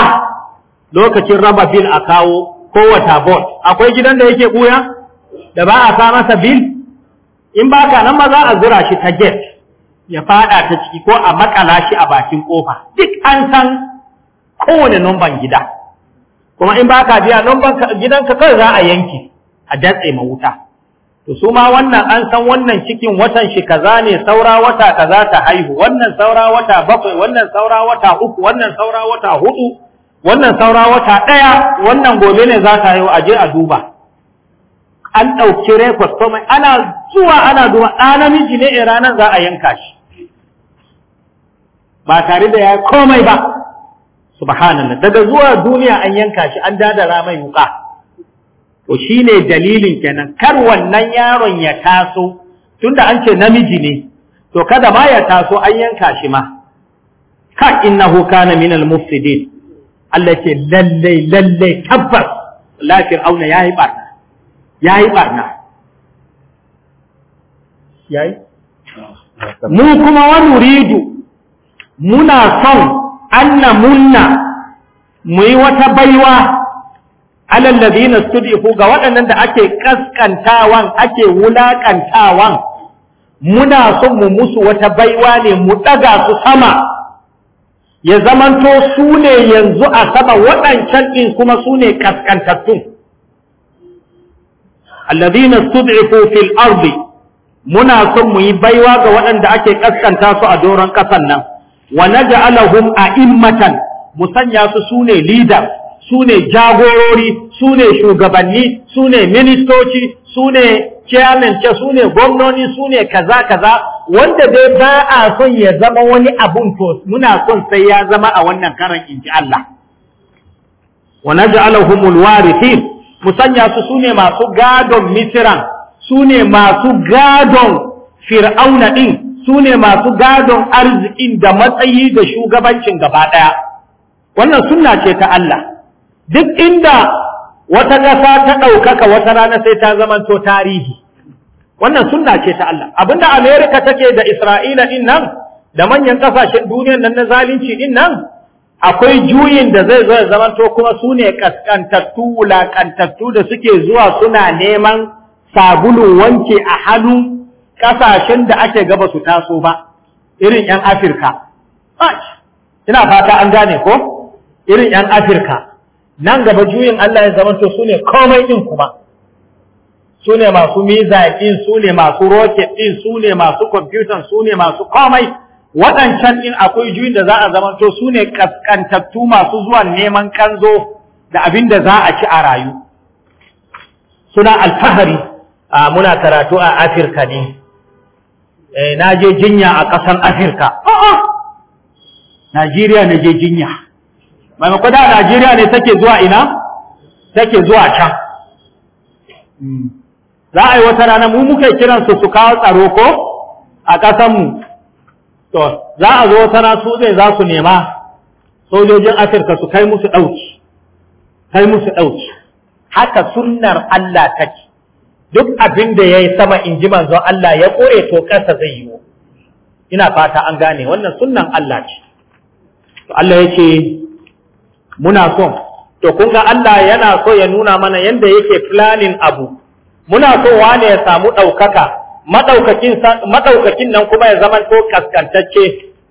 lokacin raba bil a kawo kowata bot. Akwai gidan da yake ɓuya? Da ba a sa masa bil? In ba ka nan ma za a zura shi ta get. ya fada ta ciki ko a makala shi a bakin kofa duk an san kowane numban gida kuma in baka biya numban gidanka kai za a yanki a datse ma wuta to su ma wannan an san wannan cikin watan shi kaza ne saura wata kaza ta haihu wannan saura wata bakwai wannan saura wata uku wannan saura wata hudu wannan saura wata daya wannan gobe ne za ta haihu a je a duba an ɗauki rekod mai ana zuwa ana duba ɗa namiji ne ranar za a yanka shi ba tare da ya komai ba subhanallah daga zuwa duniya an yanka shi an dadara mai wuka to shine dalilin kenan kar wannan yaron ya taso tunda an ce namiji ne to kada ma ya taso an yanka shi ma ka innahu kana min al-mufsidin Allah ce lalle lalle tabbas la auna yayi barna yayi barna yayi mu kuma wa nuridu muna son anna munna mu yi wata baiwa alal ladina studifu ga waɗannan da ake kaskantawan ake wulaƙantawan, muna son mu musu wata baiwa ne mu ɗaga su sama ya zamanto su ne yanzu a sama waɗancan ɗin kuma su ne kaskantattun alladina stud'ifu fil ardi muna son mu yi baiwa ga waɗanda ake kaskanta su a doron ƙasan nan wa alahu a'immatan musanya su sune leader sune jagorori sune shugabanni sune ministoci sune chairman ce sune gwamnoni sune kaza kaza wanda dai ba a son ya zama wani abun to muna son sai ya zama a wannan karan inji Allah wa naj'alahumul alwarithin musanya su sune masu gadon misran sune masu gadon fir'auna din su ne masu gadon arzikin da matsayi da shugabancin gaba ɗaya wannan sunna ce ta Allah duk inda wata ƙasa ta ɗaukaka wata rana sai ta zamanto tarihi wannan sunna ce ta Allah abinda Amerika take da Isra'ila din nan da manyan ƙasashen duniyar nan na zalunci din nan akwai juyin da zai zo ya zamanto kuma su ne kaskantattu wulaƙantattu da suke zuwa suna neman sabulun wanke a hannu. ƙasashen da ake gaba su taso ba irin 'yan afirka ina fata an gane ko irin 'yan afirka nan gaba juyin allah ya to su ne komai ɗin kuma su ne masu mizaƙin su ne masu roket ɗin su ne masu kwamfutan su ne masu komai waɗancan ɗin akwai juyin da za a zamanto su ne ƙasƙantattu masu zuwan neman kanzo da abin da za a ci a rayu suna alfahari ah, muna karatu a afirka ne Eh, na je jinya a ƙasar Afirka. Najeriya na je jinya. Maimako da Najeriya ne take zuwa ina? Take zuwa can. Hmm. Za a yi wata rana mu muke kiransu su kawo tsaro ko a ƙasanmu. To, za a zo wata rana su zai za su nema sojojin Afirka su kai musu ɗauki. Kai musu ɗauki. Haka sunnar Allah take. duk abin da ya yi sama in ji manzo Allah ya ƙure to ƙasa zai yi ina fata an gane wannan sunnan Allah ce to Allah ya ce muna son to kun ga Allah yana so ya nuna mana yanda yake planning abu muna so wane ya samu ɗaukaka maɗaukakin nan kuma ya zama to kaskantacce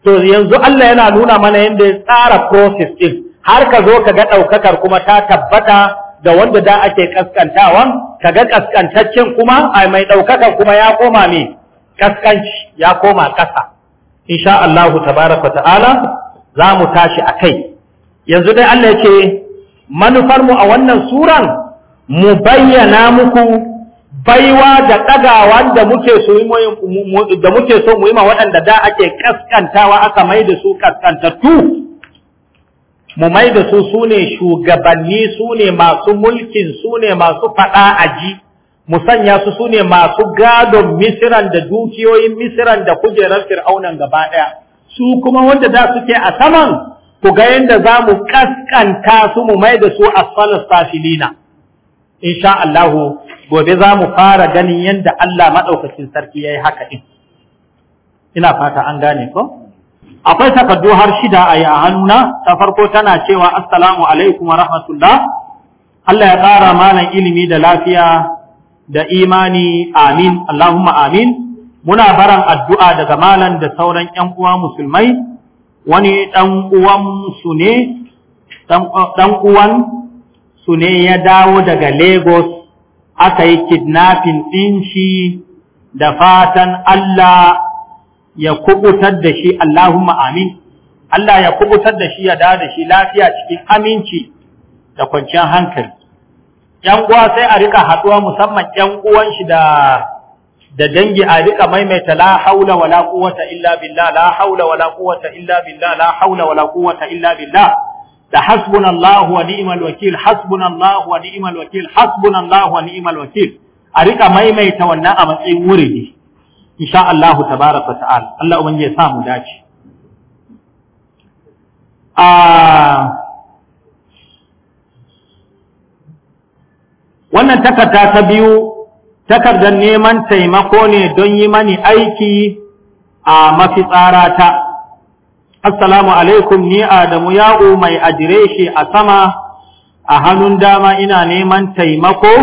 to yanzu Allah yana nuna mana yadda ya tsara process ɗin har ka zo ka ga ɗaukakar kuma ta tabbata da wanda da ake kaskantawan kaga kaskantaccen kuma a mai ɗaukakan kuma ya koma me kaskanci ya koma ƙasa insha Allahu tabaraka ta'ala za mu tashi a kai yanzu dai Allah yake mu a wannan suran mu bayyana muku baiwa da ɗagawa da muke so da mu yi ma waɗanda da ake kaskantawa aka mai da su kaskantattu mu mai da su su shugabanni su ne masu mulkin su ne masu faɗa aji mu sanya su sune masu gadon misiran da dukiyoyin misiran da kujerar fir'aunan gaba ɗaya su kuma wanda da suke a saman ku ga yadda za mu kaskanta su mu mai da su asfalas safilina insha Allah gobe za mu fara ganin yadda Allah maɗaukacin sarki ya yi haka ɗin ina fata an gane ko akwai takardu har shida a yi a hannuna ta farko tana cewa assalamu alaikum wa rahmatullah Allah ya ƙara malam ilimi da lafiya da imani amin Allahumma amin muna baran addu'a daga malam da sauran ƴan uwa musulmai wani ɗan uwan su ne ɗan uwan su ne ya dawo daga Lagos aka yi kidnapping ɗin shi da fatan Allah ya kubutar da shi Allahumma amin Allah ya kubutar da shi ya dawo da shi lafiya cikin aminci da kwanciyar hankali yan uwa sai a rika haɗuwa, musamman ƴan uwan shi da da dangi a rika maimaita la haula wala quwwata illa billah la haula wala quwwata illa billah la haula wala quwwata illa billah da hasbunallahu wa ni'mal wakil hasbunallahu wa ni'mal wakil hasbunallahu wa ni'mal wakil a rika maimaita wannan a matsayin wuridi insha Allah tabaraka ta'ala Allah uban ya sa mu dace wannan takarda ta biyu takardar neman taimako ne don yi mani aiki a mafitsarata assalamu alaikum ni adamu ya'u mai adireshi a sama a hannun dama ina neman taimako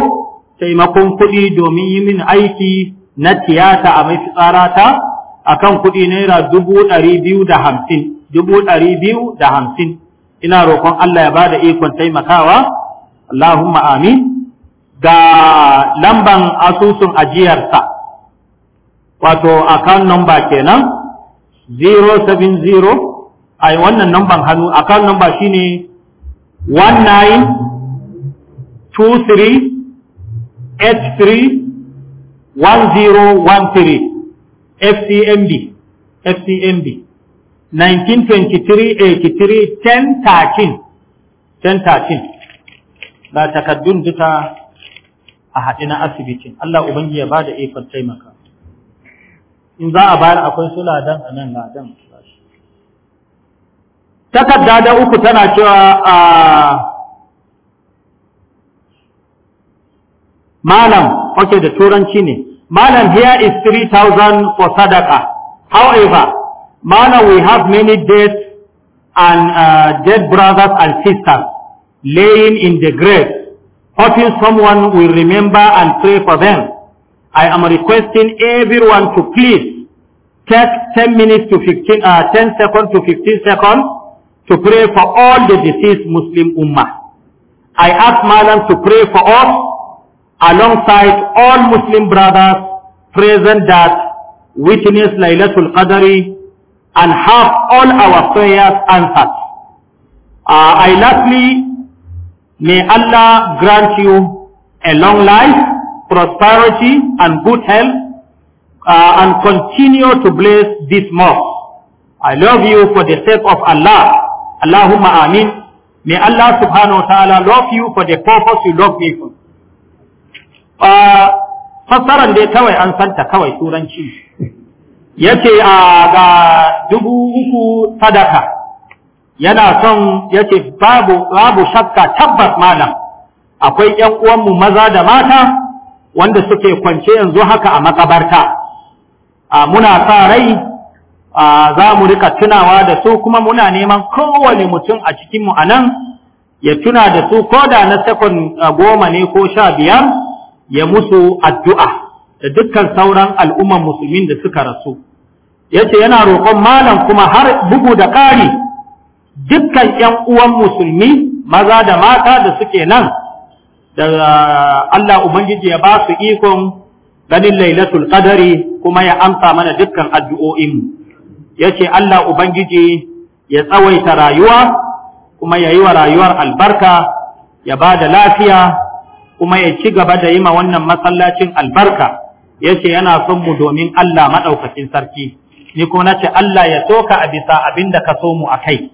taimakon kuɗi domin yi min aiki na tiyata a mai tsarata a kan kuɗi naira dubu ɗari biyu da hamsin dubu ɗari biyu da hamsin ina roƙon Allah ya bada ikon taimakawa Allahumma amin ga lamban asusun ajiyarsa wato account number kenan 070 ai wannan namban hannu account number shine 19 23 1013 FCMB FCMB 1923-83 1013 1013 ba takaddun duka a haɗe na asibitin Allah ubangi ya ba da ikon taimaka in za a bayar akwai su ladan a nan ladan takarda da uku tana cewa a malam ok da turanci ne Malam, here is 3,000 for sadaqah. However, Malam, we have many dead and uh, dead brothers and sisters laying in the grave, hoping someone will remember and pray for them. I am requesting everyone to please take 10 minutes to 15, uh, 10 seconds to 15 seconds to pray for all the deceased Muslim Ummah. I ask Malam to pray for us alongside all Muslim brothers present that witness Laylatul Qadr and have all our prayers answered. Uh, I lastly, may Allah grant you a long life, prosperity and good health uh, and continue to bless this mosque. I love you for the sake of Allah. Allahumma ameen. May Allah subhanahu wa ta'ala love you for the purpose you love me for. fassaran dai kawai an santa kawai turanci yace a ga dubu uku sadaka yana son yace babu babu shakka tabbas malam akwai ƴan uwanmu maza da mata wanda suke kwance yanzu haka a makabarta a muna sa rai za mu rika tunawa da su kuma muna neman kowane mutum a cikinmu a nan ya tuna da su koda na sakon goma ne ko sha biyar ya musu addu'a da dukkan sauran al'umman musulmin da suka rasu yace yana roƙon malam kuma har bugu da ƙari dukkan 'yan uwan musulmi maza da mata da suke nan da Allah ubangiji ya ba su ikon ganin lailatul qadari kuma ya amsa mana dukkan addu'o'in mu yace Allah ubangiji ya tsawaita rayuwa kuma ya yi wa rayuwar albarka ya ba da lafiya kuma ya ci gaba da yi ma wannan masallacin albarka yace yana son mu domin Allah maɗaukakin sarki ni ko nace Allah ya soka a bisa abin da ka so mu akai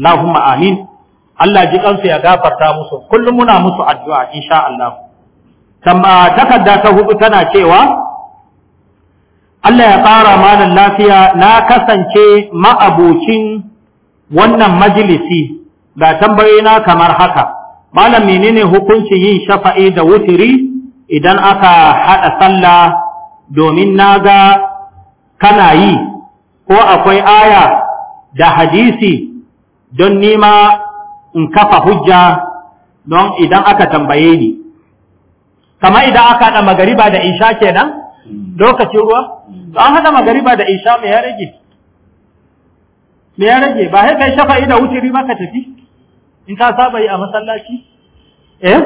Allahumma amin Allah ji kansu ya gafarta musu kullum muna musu addu'a insha Allah tamma takarda ta hudu tana cewa Allah ya ƙara malam lafiya na kasance ma'abocin wannan majalisi ga tambayoyi na kamar haka malam menene hukunci yin shafa'i da wuturi idan aka haɗa sallah domin naga kana yi ko akwai aya da hadisi don nima in kafa hujja don idan aka tambaye ni kama idan aka haɗa magariba da isha kenan hmm. lokacin ruwa to an haɗa magariba da isha me ya rage me ya rage ba sai kai shafa'i da wuturi ba ka tafi in ka saba yi a masallaci eh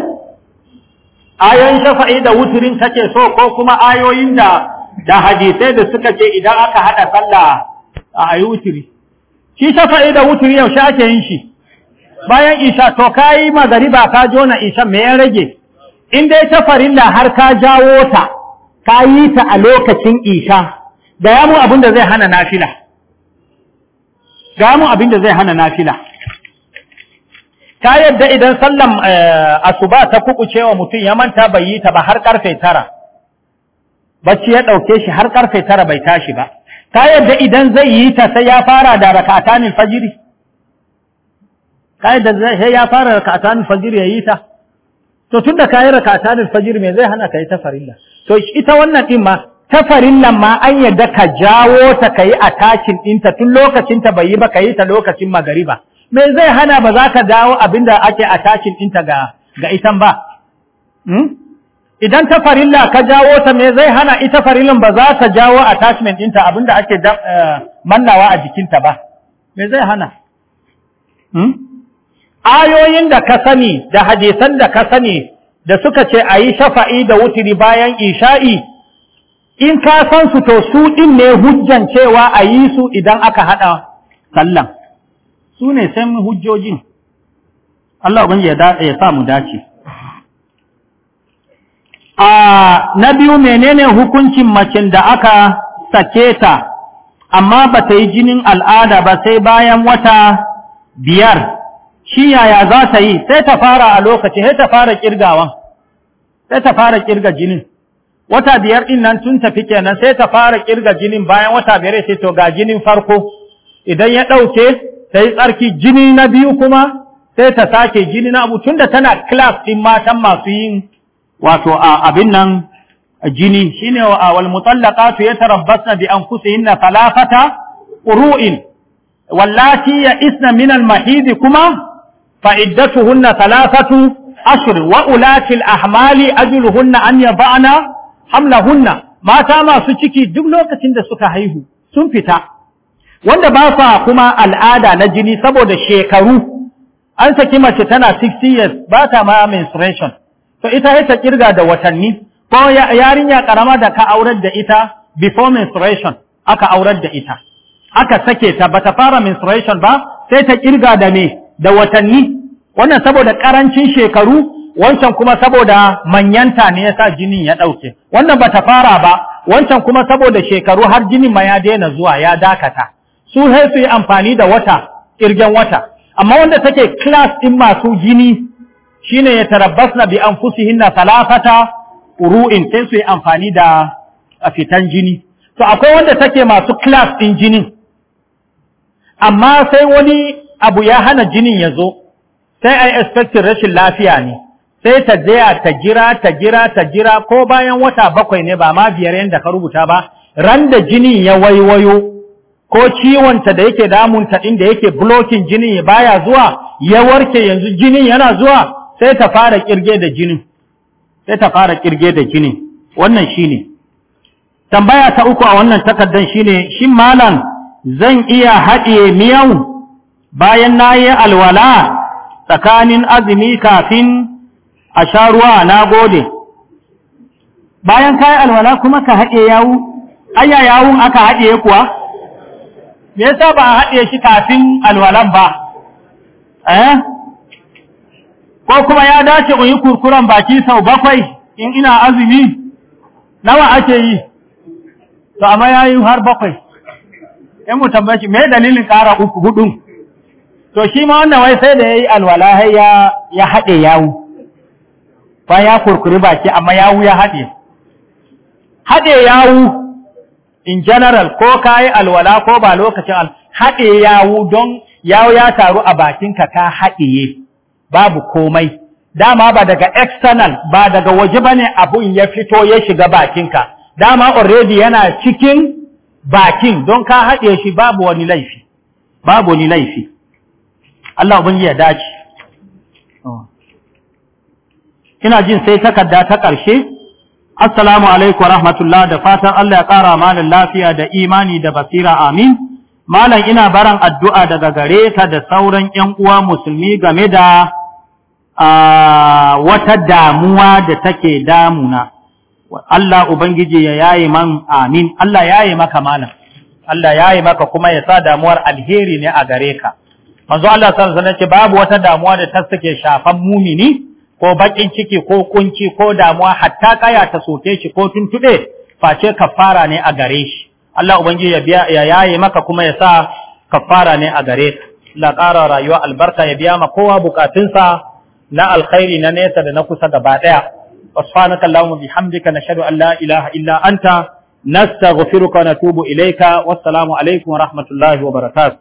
ayoyin shafa'i da wuturin kake so ko kuma ayoyin da da hadisai da suka ce idan aka hada sallah a ayi wuturi shi shafa'i da wuturi yaushe ake yin shi bayan isha to kayi magariba ka jona isha me ya rage in dai ta farilla har ka jawo ta ka yi ta a lokacin isha ga yamu abin da zai hana nafila ga abin da zai hana nafila ta yadda idan sallan eh, asuba ta kukuce wa mutum ya manta bai yi ta ba har karfe tara bacci ya ɗauke shi har karfe tara bai tashi ba ta yadda idan zai yi ta sai ya fara da rakatanin fajiri ta yadda sai ya fara rakatanin fajiri ya yi ta to tunda ka yi rakatanin fajiri me zai hana ka yi ta farilla to ita wannan din ma ta farillan ma an yadda ka jawo ta ka yi a takin ɗinta tun lokacin ta bai yi ba ka yi ta lokacin magariba me zai hana ba za ka dawo abinda ake tashin ɗinta ga ga itan ba hmm? idan ta farilla ka jawo ta me zai hana ita farillan ba za ta jawo attachment ɗinta abinda ake eh, mannawa a jikinta ba me zai hana hmm? ayoyin da ka sani da hadisan da ka sani da suka ce a yi shafa'i da wuturi bayan isha'i in ka san su to su ɗin ne hujjan cewa a yi su idan aka haɗa sallan su ne san hujjojin Allah ubangiji ya sa mu dace a na biyu menene hukuncin macen da aka sake ta amma ba ta yi jinin al'ada ba sai bayan wata biyar shi yaya za ta yi sai ta fara a lokaci sai ta fara kirgawa sai ta fara kirga jinin wata biyar din nan tun tafi kenan sai ta fara kirga jinin bayan wata biyar sai to ga jinin farko idan ya ɗauke ta yi tsarki jini na biyu kuma sai ta sake jini na abu tunda tana class ɗin matan masu yin wato a abin nan jini shine wa wal mutallaqatu yatarabbasna bi anfusihinna thalathata qurun wallati ya min al mahidi kuma fa iddatuhunna thalathatu ashhur wa ulati al ahmali ajluhunna an yad'ana hamlahunna mata masu ciki duk lokacin da suka haihu sun fita wanda ba sa kuma al'ada na jini saboda shekaru an saki mace tana 60 years ba ta ma menstruation to ita ya ta kirga da watanni ko yarinya karama da ka aurar da ita before menstruation aka aurar da ita aka sake ta bata fara menstruation ba sai ta kirga da me da watanni wannan saboda karancin shekaru wancan kuma saboda manyanta ne yasa jinin ya dauke wannan bata fara ba wancan kuma saboda shekaru har jinin ma ya daina zuwa ya dakata su sai su yi amfani da wata kirgen wata amma wanda take class ɗin masu jini shine ya tarabbasna bi na salafata uru'in sai su yi amfani da fitan jini to akwai wanda take masu class ɗin jinin amma sai wani abu ya hana jinin ya zo sai ai expectin rashin lafiya ne sai ta tsaya ta jira ta jira ta jira ko bayan wata bakwai ne ba ma biyar yadda ka rubuta ba ran da jinin ya waiwayo ko ciwonta da yake damunta inda yake blocking jinin baya zuwa ya warke yanzu jinin yana zuwa sai ta fara kirge da jinin sai ta fara kirge da jinin wannan shine tambaya ta uku a wannan takardan shine shin malam zan iya haɗiye miyau bayan nayi alwala tsakanin azumi kafin a sha ruwa na gode bayan kayi alwala kuma ka haɗe yawu ayya yawun aka haɗe kuwa me yasa ba a haɗe shi kafin alwalan ba eh ko kuma ya dace ku yi kurkuren baki sau bakwai in ina azumi nawa ake yi to amma ya yi har bakwai in mu tambaye shi me dalilin ƙara uku hudun to shi ma wannan wai sai da ya yi alwala har ya ya haɗe yawu ba ya kurkuri baki amma yawu ya haɗe haɗe yawu in general ko kayi alwala ko ba lokacin al haɗe yawu don yawo ya taru a bakinka ka haɗiye babu komai dama ba daga external ba daga waje bane abun ya fito ya shiga bakinka dama already yana cikin bakin don ka haɗe shi babu wani laifi babu wani laifi Allah ubangi ya dace ina jin sai takarda ta ƙarshe assalamu alaikum wa rahmatullah da fatan Allah ya ƙara malam lafiya da imani da basira amin malam ina baran addu'a daga gare ta da sauran 'yan uwa musulmi game da wata damuwa da take damuna Allah ubangiji ya yayi man amin Allah yi maka malam Allah yi maka kuma ya sa damuwar alheri ne a gare ka manzo Allah sallallahu alaihi ce babu wata damuwa da ta take shafan mumini ko baƙin ciki ko kunci ko damuwa hatta kaya ta soke shi ko tuntube face kafara ne a gare shi Allah ubangiji ya biya ya yaye maka kuma ya sa kafara ne a gare ka la rayuwa albarka ya biya ma kowa bukatunsa na alkhairi na nesa da na kusa gaba daya subhanaka allahumma bihamdika nashhadu an la ilaha illa anta nastaghfiruka wa natubu ilayka wassalamu alaikum wa rahmatullahi wa barakatuh